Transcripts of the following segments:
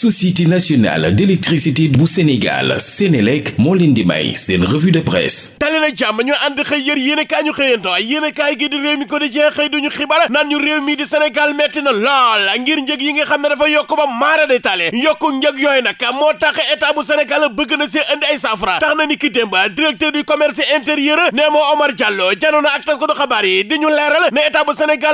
société nationale d'électricité bu Sénégal Sénélec moo leen di may seen revue de presse tali na jàmm ñu ànd xëy yër yéen kaay ñu xëyanto yéen a kaay gi di réew mi ko di jeex xëy duñu xibaar naan ñu réew mi di Sénégal metti na lool ngir njëg yi nga xam ne dafa yokk ba maara day tale yokku njëg yooyu nag moo tax état bu Sénégal bëgg na si indi ay saafara tax na ni ki démba directeur du commerce intérieur ne moo Omar Diallo janoon na ak tas ko du xabaar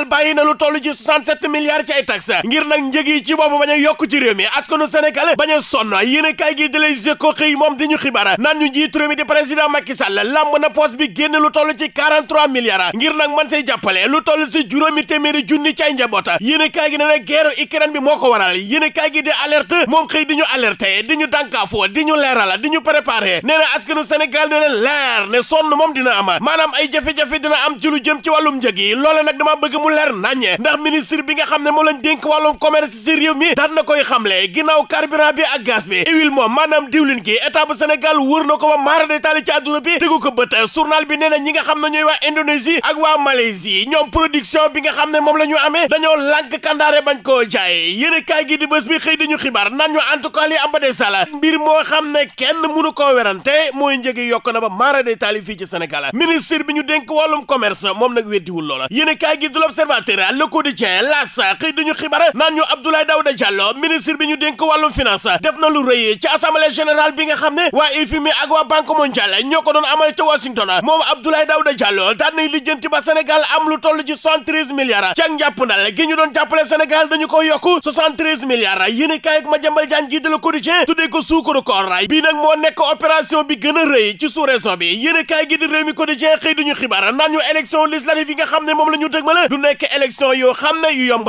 bàyyi na lu toll ci 67 milliards ci ay taxes ngir a yokk ci mi askanu sénégalais bañ a sonn yéen a kaay gi di Les Échos xëy moom di ñu xibaar naan ñu njiitu réew mi di président Macky Sall lamb na poste bi génn lu ci 43 ngir nag man say jàppale lu toll si juróomi téeméeri junni cay njaboota yéen a kaay gi ne na guerre Ukraine bi moo ko waral yéen a di alerte moom xëy di ñu alerté di ñu dànkaafoo di ñu leerala di ñu préparé nee na askanu sénégal dina leer ne sonn moom dina ama maanaam ay jafe-jafe dina am ci lu jëm ci wàllum njëg yi loole nag dama bëgg mu leer naññe ndax ministre bi nga xam ne moom lañ dénk wàllum commerce si réew ginnaaw carburant bi ak gaz bi huile moom maanaam diwlin gi état bu ko ba maara ko bët journal bi nee na nga xam ne ñooy waa Indonésie ak waa Malaisie ñoom bi nga xam ne moom la ñu amee dañoo lànk kandaare bañ koo jaay yéen gi di bés bi xëy dañu xibaar naan ñu en tout cas li am mbir moo xam ne kenn mënu koo werante mooy njëgi yokk na ba maara détaali fii ci Sénégal ministre bi ñu dénk wàllum commerce moom nag weddiwul loola yéen kaay gi di l'Observateur Le Quotidien L'As xëy dañu xibaar naan ñu Abdoulaye Daouda Diallo ministre bi ñu dénk dénk wàllum finance def na ci assemblée générale bi xam ne waa FMI ak waa banque mondiale ñoo ko doon amal ca Washington moom Abdoulaye Daouda Diallo daan nay lijjanti ba Sénégal am lu toll ci 73 milliards ci ak gi ñu doon jàppale Sénégal dañu ko yokk 73 milliards yéen a kaay ak Madiambal Diagne ji de Le Quotidien tuddee ko suukaru koor bii nag moo nekk opération bi gën rëy ci sous-région yi ne moom la du nekk élection yoo xam ne yu yomb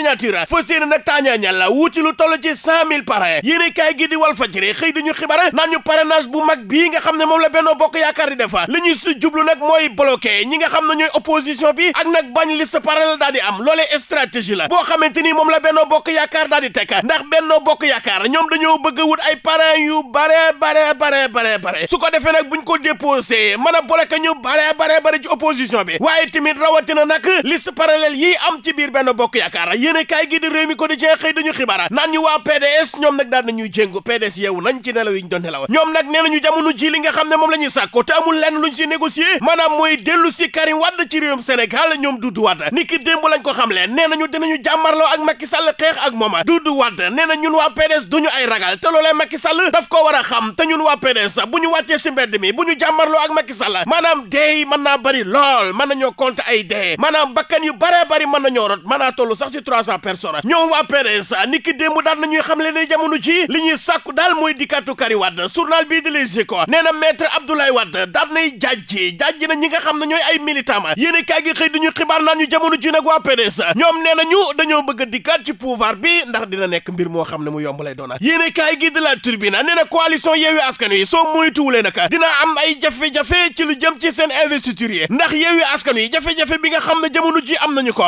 signature fas yéene nag taañaañal la wuti lu toll ci cent mille parrain yéene kaay gi di Walf Fadjri xëy di ñu xibara naan bu mag bii nga xam ne moom la Benno Bokk Yaakaar di defa li ñuy si jublu nag mooy bloqué ñi nga xam ne ñooy opposition bi ak nag bañ liste parallèle daal di am loolee stratégie la boo xamante ni moom la Benno Bokk Yaakaar daal di ndax Benno Bokk Yaakaar ñoom dañoo bëgg a wut ay parrain yu bare bare bare bare bare su nag buñ a bloqué ñu bare bare bi waaye tamit rawatina yéen a kaay gi di réew mi ko di cee xëy dañu xibaar naan ñu waa PDS ñoom nag daal nañuy jéngu PDS yeewu nañ ci nelaw yi ñu doon nelaw ñoom nag nee nañu jamono ji li nga xam ne moom la ñuy sàkko te amul lenn luñ si négocier maanaam mooy dellu si Karim Wade ci réewum Sénégal ñoom Doudou Wade ni ki démb lañ ko xam leen nee nañu dinañu jàmmarloo ak Macky Sall xeex ak moom Doudou Wade nee war a xam te ñun waa PDS bu ñu ay dee maanaam bakkan yu à sa personne ñoom waa PDS ni ki démb daan nañuy xam le ne jamono ji li ñuy sàkku daal mooy dikkaatu Karim Wade journal bii di Les Échos nee na maître Abdoulaye Wade daan nay jàjji jàjji na ñi nga xam ne ñooy ay militant ma yéen gi xëy du ñu xibaar naan ñu jamono ji nag waa PDS ñoom nee nañu dañoo bëgg dikkaat ci pouvoir bi ndax dina nekk mbir moo xam ne mu yomb lay doona yéen kaay gi di La Tribune nee na coalition Yewwi Askan Wi soo moytuwulee nag dina am ay jafe-jafe ci lu jëm ci seen investiture yi ndax Yewwi Askan Wi jafe-jafe bi nga xam ne jamono ji am nañu ko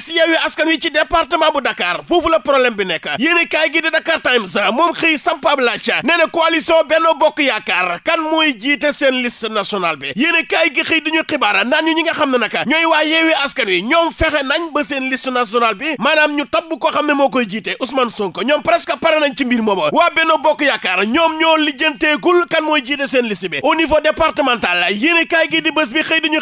si liste Yewwi Askan Wi ci département bu dakaar foofu la problème bi nekk yéen kaay gi di Dakar Times moom xëy samp ab laaj nee na coalition Bokk Yaakaar kan mooy jiite seen liste nationale bi yéen kaay gi xëy di ñu xibaar naan ñu ñi nga xam ne nag ñooy waa Yewwi Askan Wi ñoom fexe nañ ba seen liste nationale bi maanaam ñu tabb koo xam ne moo koy jiite Ousmane Sonko ñoom presque pare nañ ci mbir moomu waa Benno Bokk Yaakaar ñoom ñoo lijjanteegul kan mooy jiite seen liste bi au niveau départemental yéen kaay gi di bés bi xëy di ñu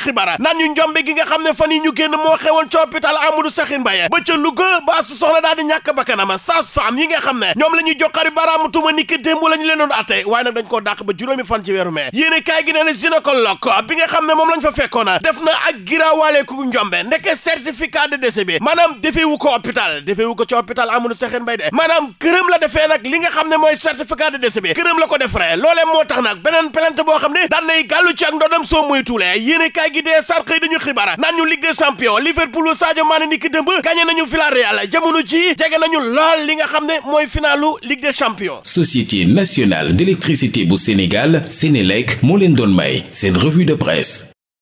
yoonu saxin mbaye ba ca Louga baasu soxna daal di ñàkk bakkanam saas femme yi nga ne ñoom la joxari baraamu tuuma ni ki démb la ñu doon atte waaye nag dañ koo dàq ba juróomi fan ci weeru mai yéene kaay gi nee na gynécologue bi nga xam ne moom lañ fa fekkoona def na ak giraawaale ku njombe ndeke certificat de décès bi maanaam defewu ko hôpital defewu ko ci hôpital amul saxin mbay de maanaam këram la defee nag li nga xam ne mooy certificat ni ki dëmb gagné nañu Villarreal jamono ji jege nañu lool li nga xam ne mooy finalu Ligue des Champions Société nationale d'électricité bu Sénégal Sénélec moo leen doon may seen revue de presse